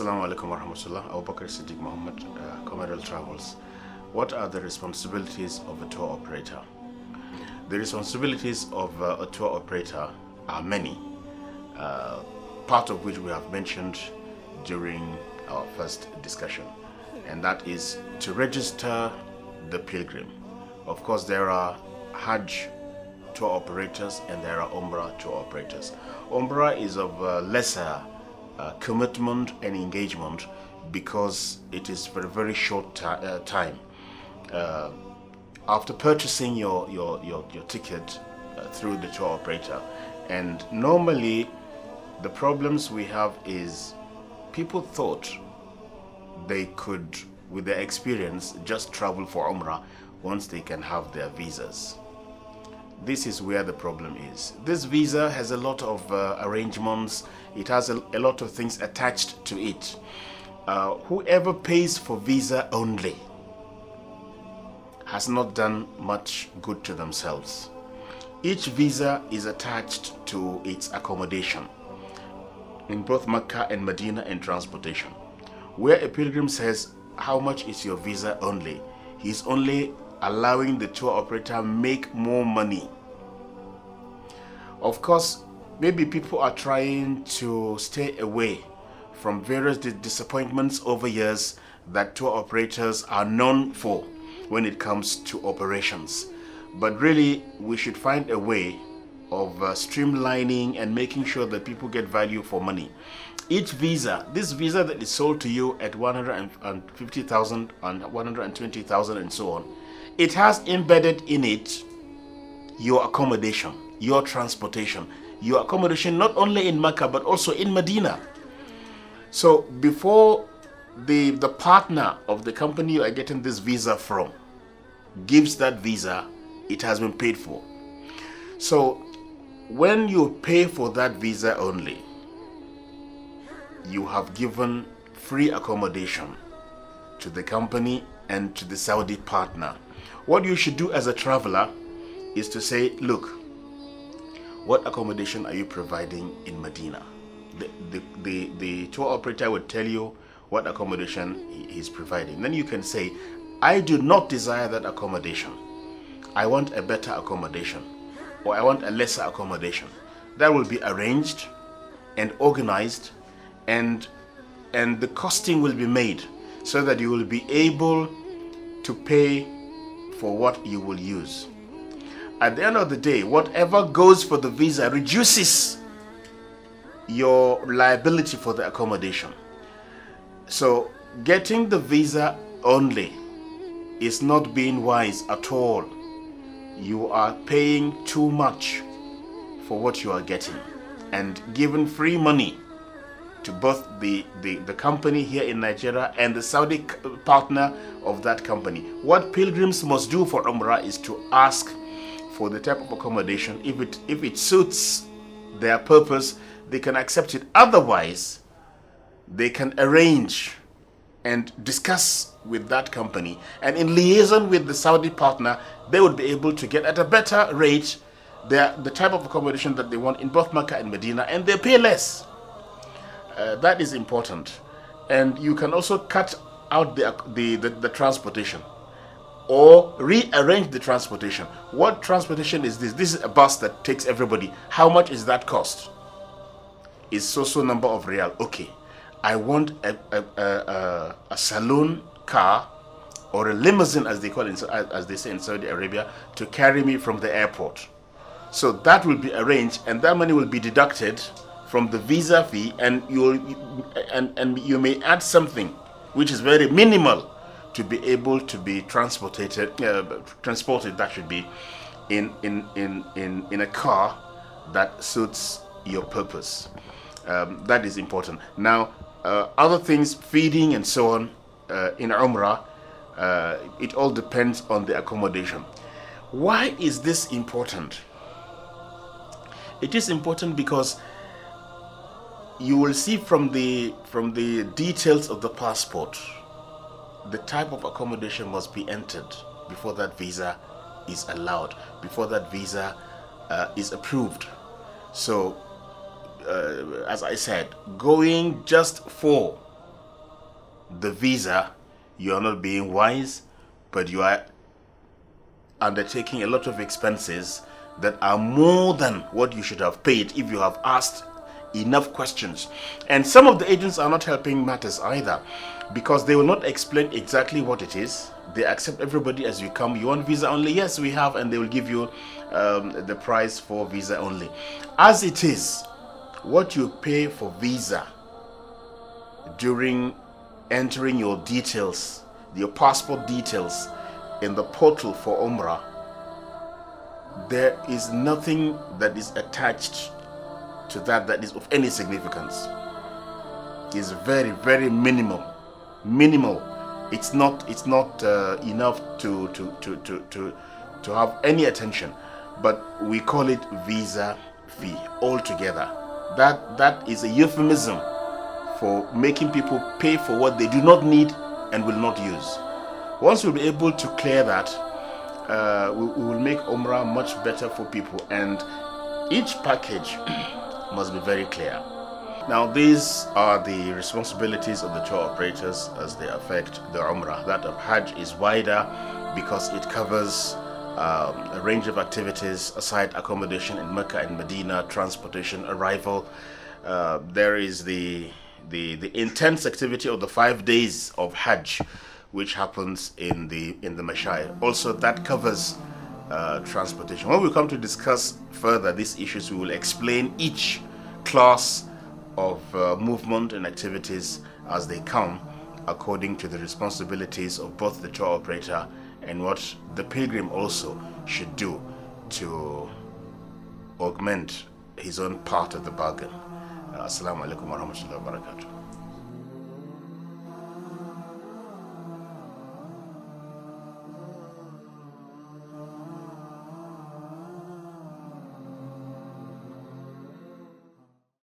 Assalamu alaikum warahmatullah. Abubakar Siddiq Muhammad, uh, Travels. What are the responsibilities of a tour operator? The responsibilities of uh, a tour operator are many, uh, part of which we have mentioned during our first discussion, and that is to register the pilgrim. Of course, there are Hajj tour operators and there are Umrah tour operators. Umrah is of uh, lesser uh, commitment and engagement because it is for a very short uh, time. Uh, after purchasing your, your, your, your ticket uh, through the tour operator, and normally the problems we have is people thought they could, with their experience, just travel for Umrah once they can have their visas this is where the problem is. This visa has a lot of uh, arrangements, it has a, a, lot of things attached to it. Uh, whoever pays for visa only has not done much good to themselves. Each visa is attached to its accommodation in both Mecca and Medina and transportation. Where a pilgrim says, how much is your visa only? He's only allowing the tour operator make more money of course maybe people are trying to stay away from various disappointments over years that tour operators are known for when it comes to operations but really we should find a way of uh, streamlining and making sure that people get value for money each visa, this visa that is sold to you at 150,000 and 120,000 and so on, it has embedded in it your accommodation, your transportation, your accommodation not only in Mecca but also in Medina. So before the, the partner of the company you are getting this visa from gives that visa, it has been paid for. So when you pay for that visa only, you have given free accommodation to the company and to the Saudi partner. What you should do as a traveler is to say, look, what accommodation are you providing in Medina? The, the, the, the tour operator would tell you what accommodation he is providing. Then you can say, I do not desire that accommodation. I want a better accommodation or I want a lesser accommodation. That will be arranged and organized and and the costing will be made so that you will be able to pay for what you will use. At the end of the day, whatever goes for the visa reduces your liability for the accommodation. So, getting the visa only is not being wise at all. You are paying too much for what you are getting and given free money to both the, the, the company here in Nigeria and the Saudi partner of that company. What pilgrims must do for Umrah is to ask for the type of accommodation. If it, if it suits their purpose, they can accept it. Otherwise, they can arrange and discuss with that company. And in liaison with the Saudi partner, they would be able to get at a better rate the, the type of accommodation that they want in both Mecca and Medina, and they pay less. Uh, that is important. And you can also cut out the, the, the, the transportation or rearrange the transportation. What transportation is this? This is a bus that takes everybody. How much is that cost? It's so so number of real. Okay, I want a, a, a, a saloon car or a limousine, as they call it, as they say in Saudi Arabia, to carry me from the airport. So that will be arranged, and that money will be deducted from the visa fee and you and, and you may add something which is very minimal to be able to be transported uh, transported that should be in in in in in a car that suits your purpose um, that is important now uh, other things feeding and so on uh, in umrah uh, it all depends on the accommodation why is this important it is important because you will see from the from the details of the passport the type of accommodation must be entered before that visa is allowed before that visa uh, is approved so uh, as i said going just for the visa you are not being wise but you are undertaking a lot of expenses that are more than what you should have paid if you have asked enough questions. And some of the agents are not helping matters either because they will not explain exactly what it is. They accept everybody as you come. You want visa only? Yes, we have, and they will give you um, the price for visa only. As it is, what you pay for visa during entering your details, your passport details in the portal for Umrah, there is nothing that is attached to that that is of any significance. It's very, very minimal. Minimal. It's not, it's not uh, enough to, to, to, to, to, to have any attention. But we call it visa fee altogether. That, that is a euphemism for making people pay for what they do not need and will not use. Once we'll be able to clear that, uh, we, we will make Umrah much better for people and each package must be very clear. Now these are the responsibilities of the tour operators as they affect the Umrah. That of Hajj is wider because it covers um, a range of activities aside accommodation in Mecca and Medina, transportation, arrival. Uh, there is the, the, the intense activity of the five days of Hajj which happens in the in the Mashai. Also that covers uh, transportation. When we come to discuss further these issues, we will explain each class of uh, movement and activities as they come according to the responsibilities of both the tour operator and what the pilgrim also should do to augment his own part of the bargain. Uh, Assalamu alaikum